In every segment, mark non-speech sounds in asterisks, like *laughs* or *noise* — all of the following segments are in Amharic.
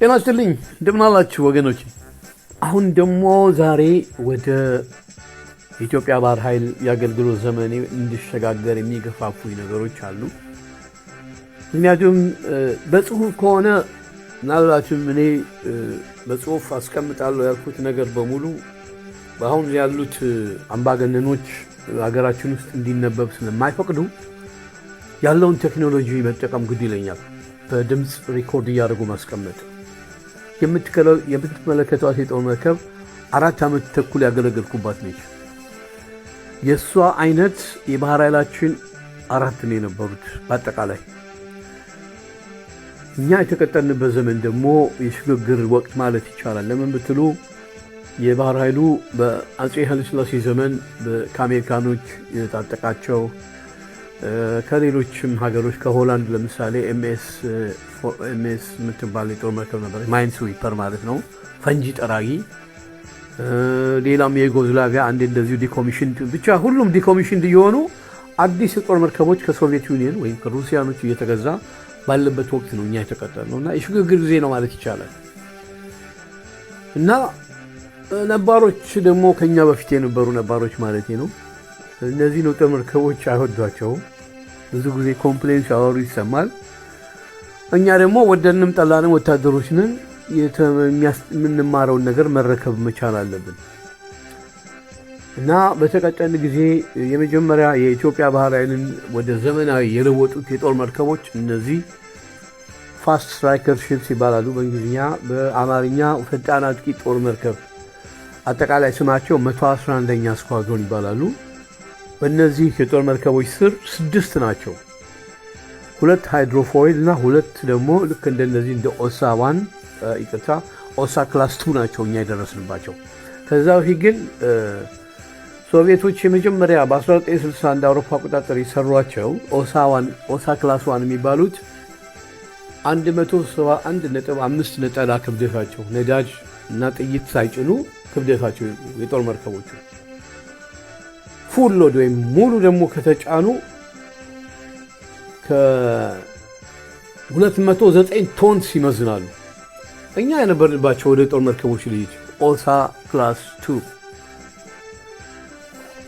ጤና ይስጥልኝ እንደምን አላችሁ ወገኖች። አሁን ደግሞ ዛሬ ወደ ኢትዮጵያ ባህር ኃይል የአገልግሎት ዘመኔ እንዲሸጋገር የሚገፋፉኝ ነገሮች አሉ። ምክንያቱም በጽሁፍ ከሆነ ምናልባትም እኔ በጽሁፍ አስቀምጣለሁ ያልኩት ነገር በሙሉ በአሁን ያሉት አምባገነኖች ሀገራችን ውስጥ እንዲነበብ ስለማይፈቅዱ ያለውን ቴክኖሎጂ መጠቀም ግድ ይለኛል። በድምፅ ሪኮርድ እያደረጉ ማስቀመጥ የምትመለከቷት የጦር መርከብ አራት ዓመት ተኩል ያገለገልኩባት ነች። የእሷ አይነት የባህር ኃይላችን አራት ነው የነበሩት። በአጠቃላይ እኛ የተቀጠልንበት ዘመን ደግሞ የሽግግር ወቅት ማለት ይቻላል። ለምን ብትሉ የባህር ኃይሉ በአጼ ኃይለሥላሴ ዘመን ከአሜሪካኖች የታጠቃቸው ከሌሎችም ሀገሮች ከሆላንድ ለምሳሌ ኤምኤስ የምትባል የጦር መርከብ ነበረች፣ ማይንስ ዊፐር ማለት ነው፣ ፈንጂ ጠራጊ። ሌላም የዩጎዝላቪያ አንድ እንደዚሁ ዲኮሚሽን ብቻ ሁሉም ዲኮሚሽን እየሆኑ አዲስ የጦር መርከቦች ከሶቪየት ዩኒየን ወይም ከሩሲያኖች እየተገዛ ባለበት ወቅት ነው እኛ ነው እና የሽግግር ጊዜ ነው ማለት ይቻላል። እና ነባሮች ደግሞ ከኛ በፊት የነበሩ ነባሮች ማለት ነው እነዚህን የጦር መርከቦች አይወዷቸውም። ብዙ ጊዜ ኮምፕሌን ሲያወሩ ይሰማል። እኛ ደግሞ ወደንም ጠላንም ወታደሮች ነን። የምንማረውን ነገር መረከብ መቻል አለብን እና በተቀጨን ጊዜ የመጀመሪያ የኢትዮጵያ ባህር ኃይልን ወደ ዘመናዊ የለወጡት የጦር መርከቦች እነዚህ ፋስት ስትራይከር ሺፕስ ይባላሉ በእንግሊዝኛ። በአማርኛ ፈጣን አጥቂ ጦር መርከብ አጠቃላይ ስማቸው 111ኛ ስኳድሮን ይባላሉ። በእነዚህ የጦር መርከቦች ስር ስድስት ናቸው። ሁለት ሃይድሮፎይል እና ሁለት ደግሞ ልክ እንደነዚህ እንደ ኦሳ ዋን ይቅርታ ኦሳ ክላስ ቱ ናቸው እኛ የደረስንባቸው። ከዛ በፊት ግን ሶቪየቶች የመጀመሪያ በ 1961 እንደ አውሮፓ አቆጣጠር የሰሯቸው ኦሳ ክላስ ዋን የሚባሉት 171.5 ነጠላ ክብደታቸው ነዳጅ እና ጥይት ሳይጭኑ ክብደታቸው የጦር መርከቦቹ ፉል ሎድ ወይም ሙሉ ደግሞ ከተጫኑ ከ209 ቶንስ ይመዝናሉ። እኛ የነበርንባቸው ወደ ጦር መርከቦች ልጅ ኦሳ ክላስ 2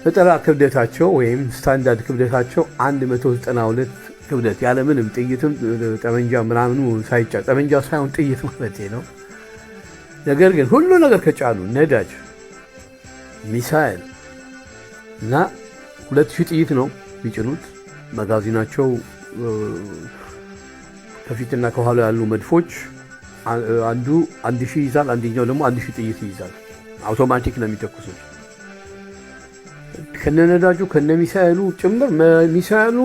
ፈጠራ ክብደታቸው ወይም ስታንዳርድ ክብደታቸው 192 ክብደት ያለምንም ጥይትም ጠመንጃ ምናምኑ ሳይጫ ጠመንጃ ሳይሆን ጥይት ማለት ነው። ነገር ግን ሁሉ ነገር ከጫኑ ነዳጅ ሚሳይል እና ሁለት ሺህ ጥይት ነው የሚጭኑት። መጋዚናቸው ከፊትና ከኋላ ያሉ መድፎች አንዱ አንድ ሺህ ይይዛል፣ አንደኛው ደግሞ አንድ ሺህ ጥይት ይይዛል። አውቶማቲክ ነው የሚተኩሱት ከነነዳጁ ከነሚሳኤሉ ጭምር። ሚሳኤሉ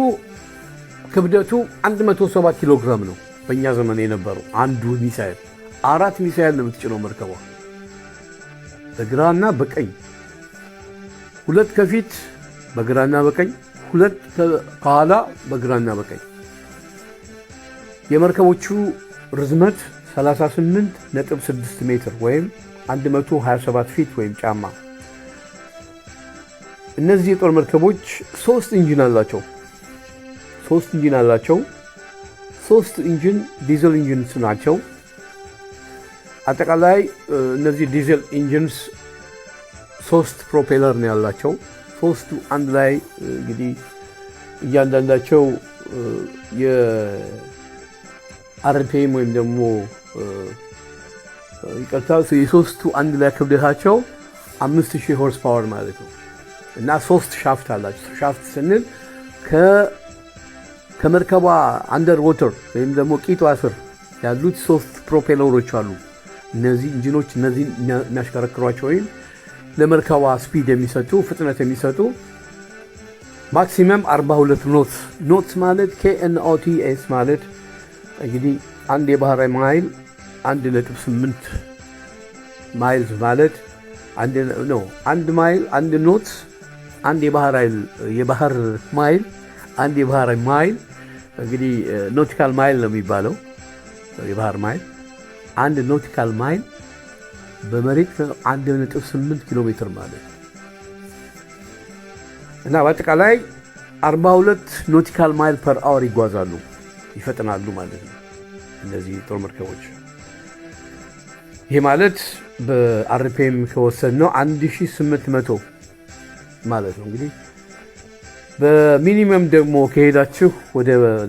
ክብደቱ 107 ኪሎ ግራም ነው በእኛ ዘመን የነበረው አንዱ ሚሳኤል። አራት ሚሳኤል ነው የምትጭነው መርከቧ በግራና በቀኝ ሁለት ከፊት በግራና በቀኝ ሁለት ከኋላ በግራና በቀኝ። የመርከቦቹ ርዝመት 38.6 ሜትር ወይም 127 ፊት ወይም ጫማ። እነዚህ የጦር መርከቦች ሶስት ኢንጂን አላቸው። ሶስት ኢንጂን አላቸው። ሶስት ኢንጂን ዲዘል ኢንጂንስ ናቸው። አጠቃላይ እነዚህ ዲዘል ኢንጂንስ ሶስት ፕሮፔለር ነው ያላቸው። ሶስቱ አንድ ላይ እንግዲህ እያንዳንዳቸው የአርፒኤም ወይም ደግሞ ይቅርታ የሶስቱ አንድ ላይ ክብደታቸው አምስት ሺህ ሆርስ ፓወር ማለት ነው እና ሶስት ሻፍት አላቸው። ሻፍት ስንል ከመርከቧ አንደር ወተር ወይም ደግሞ ቂጧ ስር ያሉት ሶስት ፕሮፔለሮች አሉ። እነዚህ ኢንጂኖች እነዚህን የሚያሽከረክሯቸው ወይም ለመርከቧ ስፒድ የሚሰጡ ፍጥነት የሚሰጡ ማክሲመም 42 ኖትስ ኖትስ ማለት ኬኤንኦቲኤስ ማለት እንግዲህ አንድ የባህር ማይል አንድ ነጥብ ስምንት ማይልስ ማለት አንድ ማይል አንድ ኖት አንድ የባህር ማይል አንድ የባህር ማይል እንግዲህ ኖቲካል ማይል ነው የሚባለው የባህር ማይል አንድ ኖቲካል ማይል በመሬት 1.8 ኪሎ ሜትር ማለት እና በአጠቃላይ 42 ኖቲካል ማይል ፐር አወር ይጓዛሉ፣ ይፈጥናሉ ማለት ነው እነዚህ ጦር መርከቦች። ይህ ማለት በአርፒኤም ከወሰን ነው 1800 ማለት ነው እንግዲህ በሚኒመም ደግሞ ከሄዳችሁ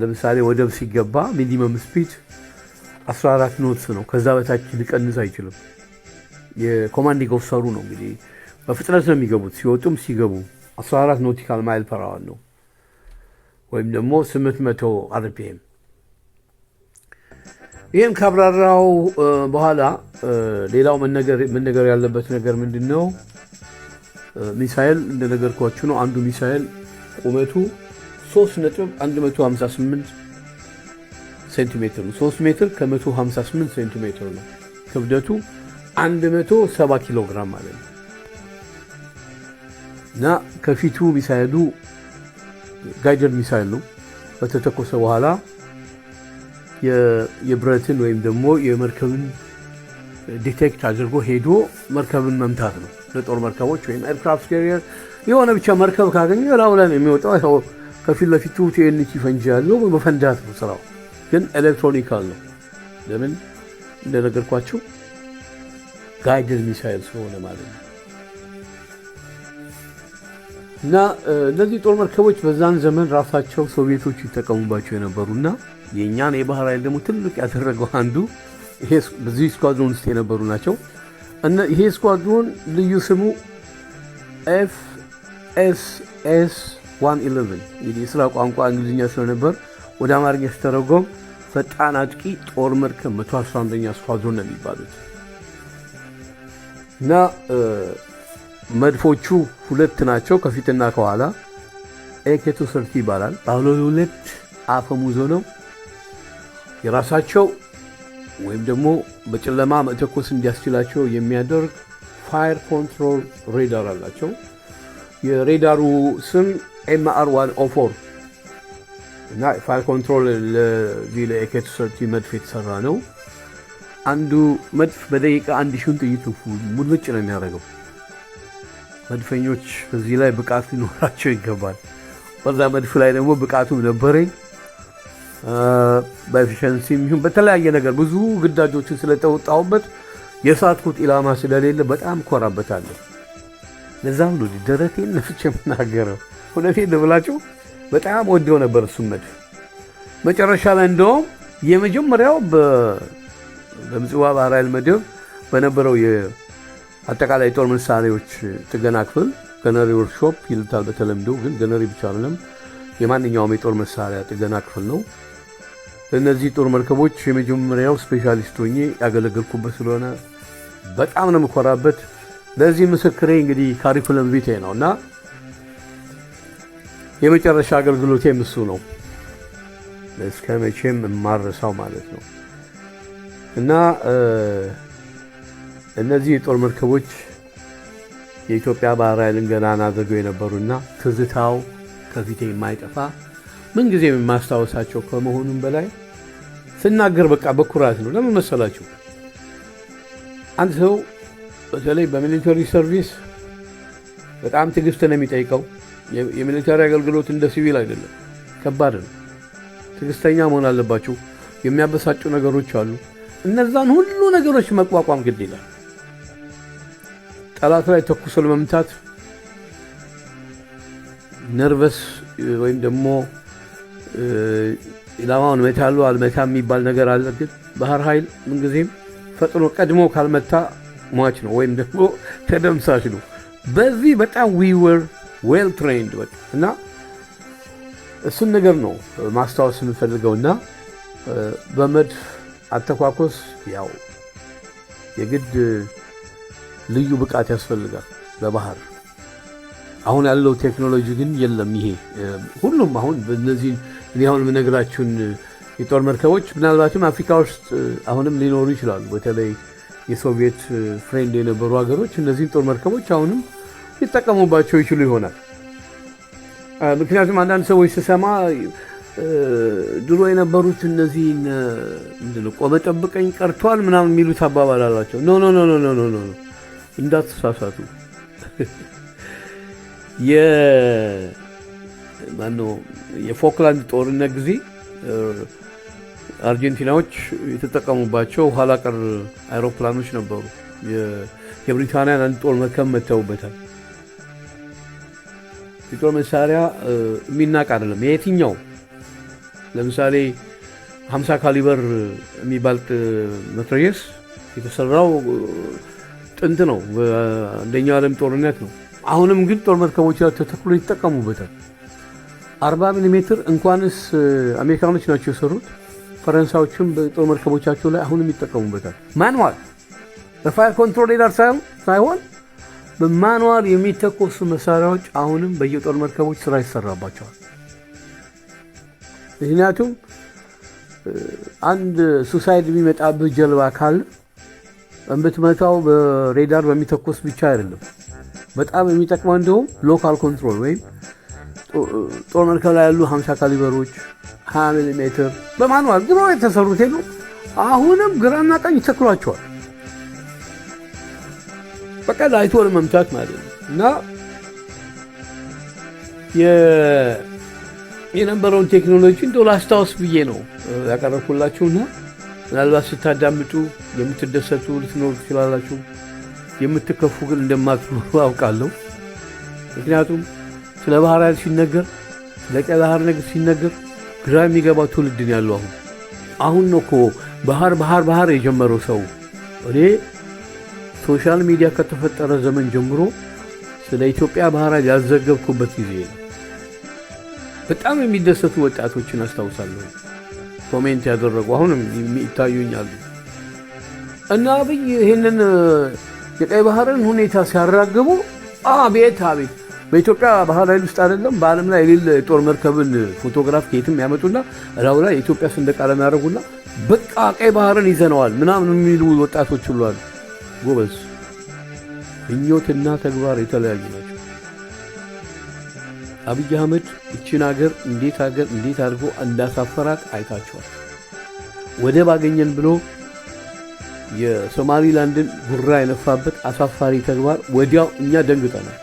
ለምሳሌ ወደብ ሲገባ ሚኒመም ስፒድ 14 ኖትስ ነው። ከዛ በታች ሊቀንስ አይችልም። የኮማንድ ኦፊሰሩ ነው እንግዲህ በፍጥነት ነው የሚገቡት ሲወጡም ሲገቡ 14 ኖቲካል ማይል ፐራዋን ነው ወይም ደግሞ 800 አርፒኤም። ይህም ካብራራው በኋላ ሌላው መነገር ያለበት ነገር ምንድን ነው? ሚሳይል እንደነገርኳችሁ ነው። አንዱ ሚሳይል ቁመቱ 3158 ሴንቲሜትር ነው። 3 ሜትር ከ158 ሴንቲሜትር ነው። ክብደቱ 170 ኪሎ ግራም ማለት ነው እና ከፊቱ ሚሳይሉ ጋይደር ሚሳይል ነው። በተተኮሰ በኋላ የብረትን ወይም ደግሞ የመርከብን ዲቴክት አድርጎ ሄዶ መርከብን መምታት ነው። ለጦር መርከቦች ወይም ኤርክራፍት ካሪየር የሆነ ብቻ መርከብ ካገኘ ላዩ ላይ የሚወጣው ያው ከፊት ለፊቱ ቲኤንቲ ፈንጂ ያለው በመፈንዳት ነው ስራው። ግን ኤሌክትሮኒካል ነው። ለምን እንደነገርኳቸው ጋይድድ ሚሳይል ስለሆነ ማለት ነው። እና እነዚህ ጦር መርከቦች በዛን ዘመን ራሳቸው ሶቪየቶች ይጠቀሙባቸው የነበሩና የእኛን የባህር ኃይል ደግሞ ትልቅ ያደረገው አንዱ በዚህ ስኳድሮን ውስጥ የነበሩ ናቸው። ይሄ ስኳድሮን ልዩ ስሙ ኤፍ ኤስ ኤስ የስራ ቋንቋ እንግሊዝኛ ስለነበር ወደ አማርኛ ሲተረጎም ፈጣን አጥቂ ጦር መርከብ 111ኛ ስኳድሮን ነው የሚባሉት። እና መድፎቹ ሁለት ናቸው፣ ከፊትና ከኋላ ኤኬቱ ሰርቲ ይባላል። ባለ ሁለት አፈሙዞ ነው። የራሳቸው ወይም ደግሞ በጨለማ መተኮስ እንዲያስችላቸው የሚያደርግ ፋየር ኮንትሮል ሬዳር አላቸው። የሬዳሩ ስም ኤምአር ዋን ኦፎር እና ፋየር ኮንትሮል ለዚህ ለኤኬቱ ሰርቲ መድፍ የተሰራ ነው። አንዱ መድፍ በደቂቃ አንድ ሺውን ጥይት ሙልጭ ነው የሚያደርገው። መድፈኞች በዚህ ላይ ብቃት ሊኖራቸው ይገባል። በዛ መድፍ ላይ ደግሞ ብቃቱም ነበረኝ። በኤፊሸንሲ ይሁን በተለያየ ነገር ብዙ ግዳጆችን ስለተወጣሁበት የሳትኩት ኢላማ ስለሌለ በጣም ኮራበታለሁ። ለዛ ሁሉ ደረቴን ነፍቼ የምናገረው እውነቴን ልብላችሁ በጣም ወደው ነበር እሱም መድፍ መጨረሻ ላይ እንደውም የመጀመሪያው በምጽዋ ባህር ኃይል መደብ በነበረው የአጠቃላይ ጦር መሳሪያዎች ጥገና ክፍል ገነሪ ወርክሾፕ ይልታል በተለምዶ ግን ገነሪ ብቻ አይደለም፣ የማንኛውም የጦር መሳሪያ ጥገና ክፍል ነው። እነዚህ ጦር መርከቦች የመጀመሪያው ስፔሻሊስት ሆኜ ያገለገልኩበት ስለሆነ በጣም ነው የምኮራበት። ለዚህ ምስክሬ እንግዲህ ካሪኩለም ቪቴ ነው እና የመጨረሻ አገልግሎቴ ምሱ ነው። እስከ መቼም የማረሳው ማለት ነው። እና እነዚህ የጦር መርከቦች የኢትዮጵያ ባህር ኃይልን ገናና አድርገው የነበሩና ትዝታው ከፊቴ የማይጠፋ ምንጊዜም የማስታወሳቸው ከመሆኑም በላይ ስናገር በቃ በኩራት ነው። ለምን መሰላችሁ? አንድ ሰው በተለይ በሚሊተሪ ሰርቪስ በጣም ትዕግስት ነው የሚጠይቀው። የሚሊተሪ አገልግሎት እንደ ሲቪል አይደለም፣ ከባድ ነው። ትዕግስተኛ መሆን አለባችሁ። የሚያበሳጩ ነገሮች አሉ። እነዛን ሁሉ ነገሮች መቋቋም ግድ ይላል። ጠላት ላይ ተኩሶ ለመምታት ነርቨስ ወይም ደግሞ ኢላማውን መታሉ አልመታ የሚባል ነገር አለ። ግን ባህር ኃይል ምንጊዜም ፈጥኖ ቀድሞ ካልመታ ሟች ነው ወይም ደግሞ *laughs* ተደምሳሽ ነው። በዚህ በጣም ዊወር ዌል ትሬንድ እና እሱን ነገር ነው ማስታወስ እና በመድፍ አተኳኮስ ያው የግድ ልዩ ብቃት ያስፈልጋል ለባህር። አሁን ያለው ቴክኖሎጂ ግን የለም። ይሄ ሁሉም አሁን በነዚህ እኔ አሁን የምነግራችሁን የጦር መርከቦች ምናልባትም አፍሪካ ውስጥ አሁንም ሊኖሩ ይችላሉ። በተለይ የሶቪየት ፍሬንድ የነበሩ ሀገሮች እነዚህን ጦር መርከቦች አሁንም ሊጠቀሙባቸው ይችሉ ይሆናል። ምክንያቱም አንዳንድ ሰዎች ስሰማ ድሮ የነበሩት እነዚህን ምንድን ነው ቆመ ጠብቀኝ ቀርተዋል ምናምን የሚሉት አባባል አላቸው። ኖ ኖ ኖ ኖ ኖ እንዳትሳሳቱ። *laughs* የፎክላንድ ጦርነት ጊዜ አርጀንቲናዎች የተጠቀሙባቸው ኋላቀር አይሮፕላኖች ነበሩ። የብሪታንያን አንድ ጦር መርከብ መተውበታል። የጦር መሳሪያ የሚናቅ አይደለም የትኛው ለምሳሌ 50 ካሊበር የሚባል መትረየስ የተሰራው ጥንት ነው፣ አንደኛው ዓለም ጦርነት ነው። አሁንም ግን ጦር መርከቦች ተተክሎ ይጠቀሙበታል። 40 ሚሊ ሜትር እንኳንስ አሜሪካኖች ናቸው የሰሩት፣ ፈረንሳዮችም በጦር መርከቦቻቸው ላይ አሁንም ይጠቀሙበታል። ማንዋል በፋይር ኮንትሮል ሌዳር ሳይሆን በማንዋል የሚተኮሱ መሳሪያዎች አሁንም በየጦር መርከቦች ስራ ይሰራባቸዋል። ምክንያቱም አንድ ሱሳይድ የሚመጣብህ ጀልባ ካለ እምትመታው በሬዳር በሚተኮስ ብቻ አይደለም። በጣም የሚጠቅመው እንዲሁም ሎካል ኮንትሮል ወይም ጦር መርከብ ላይ ያሉ 50 ካሊበሮች 20 ሚሊ ሜትር በማንዋል ድሮ የተሰሩት ነው። አሁንም ግራና ቀኝ ይተክሏቸዋል። በቃ ላይቶ ለመምታት ማለት ነው እና የነበረውን ቴክኖሎጂ እንደ ላስታወስ ብዬ ነው ያቀረብኩላችሁና ምናልባት ስታዳምጡ የምትደሰቱ ልትኖሩ ትችላላችሁ። የምትከፉ ግን እንደማትኖሩ አውቃለሁ። ምክንያቱም ስለ ባህር ኃይል ሲነገር፣ ስለ ቀይ ባህር ነገር ሲነገር ግራ የሚገባ ትውልድ ነው ያለው። አሁን አሁን ነው እኮ ባህር ባህር ባህር የጀመረው ሰው። እኔ ሶሻል ሚዲያ ከተፈጠረ ዘመን ጀምሮ ስለ ኢትዮጵያ ባህር ኃይል ያልዘገብኩበት ጊዜ ነው። በጣም የሚደሰቱ ወጣቶችን አስታውሳለሁ። ኮሜንት ያደረጉ አሁንም ይታዩኛሉ። እና አብይ ይህንን የቀይ ባህርን ሁኔታ ሲያራግቡ አቤት አቤት በኢትዮጵያ ባህር ኃይል ውስጥ አይደለም በዓለም ላይ የሌለ የጦር መርከብን ፎቶግራፍ ከየትም ያመጡና እላው ላይ የኢትዮጵያ ሰንደቅ ዓላማ ያደርጉና በቃ ቀይ ባህርን ይዘነዋል ምናምን የሚሉ ወጣቶች ሁሉ ጎበዝ፣ ምኞትና ተግባር የተለያዩ ናቸው። አብይ አህመድ እችን አገር እንዴት አገር እንዴት አድርጎ እንዳሳፈራት አይታችኋል። ወደብ አገኘን ብሎ የሶማሊላንድን ጉራ የነፋበት አሳፋሪ ተግባር ወዲያው እኛ ደንግጠናል።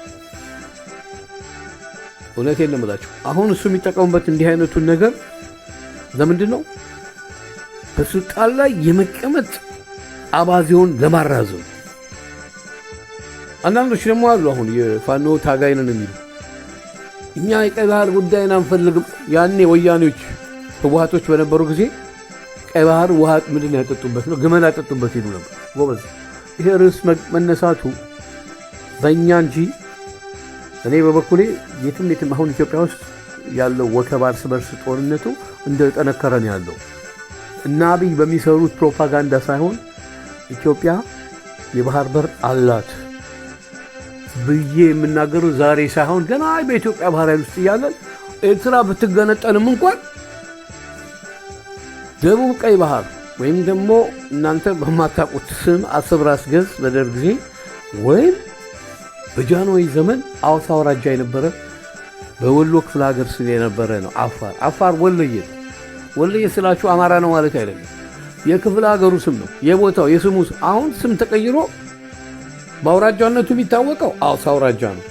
እውነቴን ነው የምላችሁ። አሁን እሱ የሚጠቀሙበት እንዲህ አይነቱን ነገር ለምንድን ነው? በስልጣን ላይ የመቀመጥ አባዜውን ለማራዘም። አንዳንዶች ደግሞ አሉ አሁን የፋኖ ታጋይ ነን የሚሉ እኛ የቀይ ባህር ጉዳይን አንፈልግም። ያኔ ወያኔዎች ህወሀቶች በነበሩ ጊዜ ቀይ ባህር ውሃ ምንድን ያጠጡበት ነው፣ ግመል ያጠጡበት ሄዱ ነበር። ጎበዝ፣ ይሄ ርዕስ መነሳቱ በእኛ እንጂ እኔ በበኩሌ የትም የትም አሁን ኢትዮጵያ ውስጥ ያለው ወከባ፣ እርስ በርስ ጦርነቱ እንደጠነከረ ነው ያለው እና አብይ በሚሰሩት ፕሮፓጋንዳ ሳይሆን ኢትዮጵያ የባህር በር አላት ብዬ የምናገረው ዛሬ ሳይሆን ገና በኢትዮጵያ ባህር ኃይል ውስጥ እያለን ኤርትራ ብትገነጠልም እንኳን ደቡብ ቀይ ባህር ወይም ደግሞ እናንተ በማታቁት ስም አሰብ ራስ ገዝ በደርግ ጊዜ ወይም በጃንሆይ ዘመን አዋሳ አውራጃ የነበረ በወሎ ክፍለ ሀገር ስል የነበረ ነው። አፋር አፋር ወለየ ወለየ ስላችሁ አማራ ነው ማለት አይደለም። የክፍለ ሀገሩ ስም ነው። የቦታው የስሙ አሁን ስም ተቀይሮ በአውራጃነቱ የሚታወቀው አውሳ አውራጃ ነው።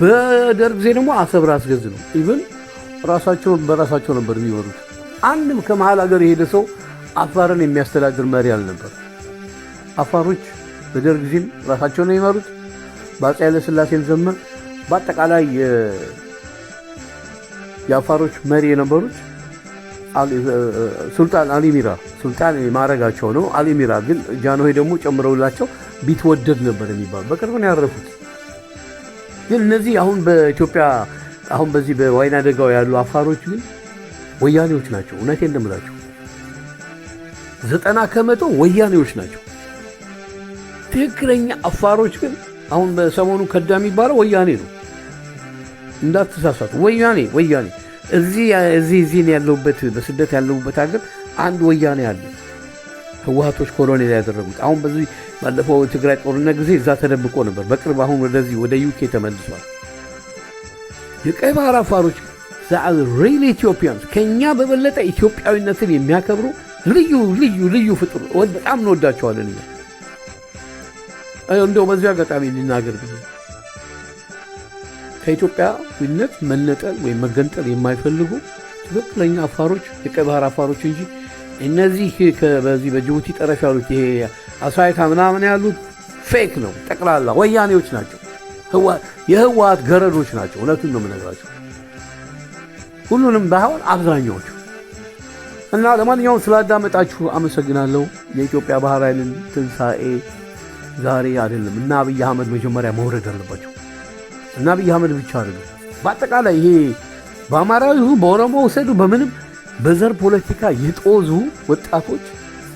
በደርግ ጊዜ ደግሞ አሰብ ራስ ገዝ ነው። ኢቨን ራሳቸውን በራሳቸው ነበር የሚወሩት። አንድም ከመሀል ሀገር የሄደ ሰው አፋርን የሚያስተዳድር መሪ አልነበር። አፋሮች በደርግ ጊዜም ራሳቸው ነው የሚመሩት። በአፄ ኃይለሥላሴም ዘመን በአጠቃላይ የአፋሮች መሪ የነበሩት ሱልጣን አሊሚራ ሱልጣን ማረጋቸው ነው። አሊሚራ ግን ጃንሆይ ደግሞ ጨምረውላቸው ቢትወደድ ነበር የሚባሉ በቅርብ ነው ያረፉት። ግን እነዚህ አሁን በኢትዮጵያ አሁን በዚህ በዋይና አደጋው ያሉ አፋሮች ግን ወያኔዎች ናቸው። እውነት እንደምላቸው ዘጠና ከመቶ ወያኔዎች ናቸው። ትክክለኛ አፋሮች ግን አሁን በሰሞኑ ከዳ የሚባለው ወያኔ ነው። እንዳትሳሳቱ፣ ወያኔ ወያኔ እዚህ እዚህ እዚህ ያለሁበት በስደት ያለሁበት ሀገር አንድ ወያኔ አለ። ህወሀቶች ኮሎኔል ያደረጉት። አሁን በዚህ ባለፈው ትግራይ ጦርነት ጊዜ እዛ ተደብቆ ነበር። በቅርብ አሁን ወደዚህ ወደ ዩኬ ተመልሷል። የቀይ ባህር አፋሮች ሪል ኢትዮጵያን ከእኛ በበለጠ ኢትዮጵያዊነትን የሚያከብሩ ልዩ ልዩ ልዩ ፍጡር በጣም እንወዳቸዋለን። እንደው በዚሁ አጋጣሚ ልናገር ከኢትዮጵያዊነት መነጠል ወይም መገንጠል የማይፈልጉ ትክክለኛ አፋሮች የቀይ ባህር አፋሮች እንጂ እነዚህ በዚህ በጅቡቲ ጠረፍ ያሉት ይሄ አሳይታ ምናምን ያሉት ፌክ ነው፣ ጠቅላላ ወያኔዎች ናቸው፣ የህወሓት ገረዶች ናቸው። እውነቱን ነው የምነግራቸው፣ ሁሉንም ባይሆን አብዛኛዎቹ። እና ለማንኛውም ስላዳመጣችሁ አመሰግናለሁ። የኢትዮጵያ ባህር ኃይልን ትንሣኤ ዛሬ አይደለም እና አብይ አህመድ መጀመሪያ መውረድ አለባቸው እና አብይ አህመድ ብቻ አይደለም፣ በአጠቃላይ ይሄ በአማራዊ ይሁን በኦሮሞ ውሰዱ በምንም በዘር ፖለቲካ የጦዙ ወጣቶች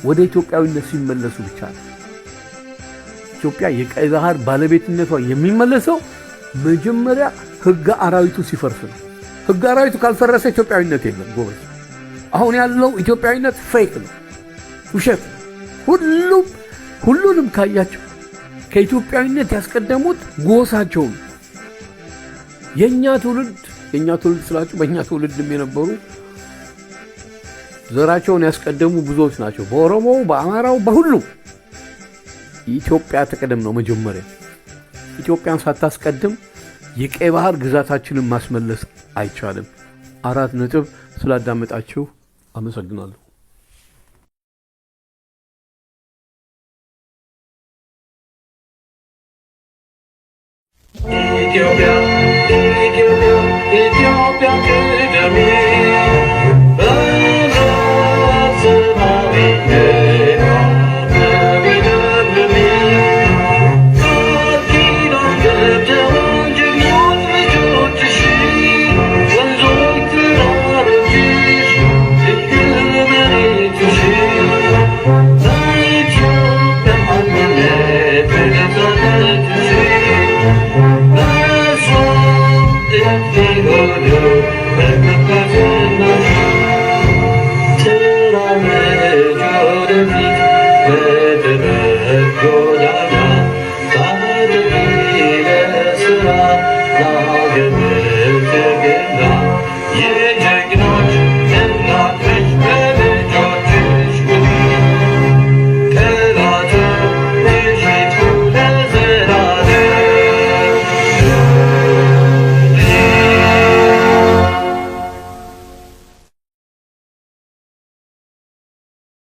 ወደ ኢትዮጵያዊነት ሲመለሱ ብቻ ነው። ኢትዮጵያ የቀይ ባህር ባለቤትነቷ የሚመለሰው መጀመሪያ ህገ አራዊቱ ሲፈርስ ነው። ህገ አራዊቱ ካልፈረሰ ኢትዮጵያዊነት የለም። ጎበዝ፣ አሁን ያለው ኢትዮጵያዊነት ፌክ ነው፣ ውሸት ነው። ሁሉም ሁሉንም ካያቸው ከኢትዮጵያዊነት ያስቀደሙት ጎሳቸውን የእኛ ትውልድ የእኛ ትውልድ ስላችሁ በእኛ ትውልድም የነበሩ ዘራቸውን ያስቀደሙ ብዙዎች ናቸው። በኦሮሞው፣ በአማራው፣ በሁሉም ኢትዮጵያ ትቀደም ነው መጀመሪያ። ኢትዮጵያን ሳታስቀድም የቀይ ባህር ግዛታችንን ማስመለስ አይቻልም። አራት ነጥብ። ስላዳመጣችሁ አመሰግናለሁ። Ethiopia, Ethiopia, Ethiopia.